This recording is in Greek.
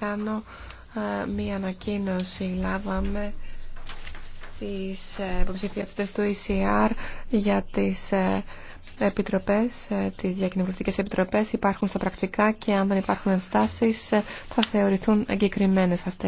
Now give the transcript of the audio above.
κάνω ε, μία ανακοίνωση. Λάβαμε στις ε, υποψηφιότητες του ECR για τις ε, επιτροπές, τις διακοινοβουλευτικές επιτροπές υπάρχουν στα πρακτικά και αν δεν υπάρχουν ενστάσεις θα θεωρηθούν εγκεκριμένες αυτές.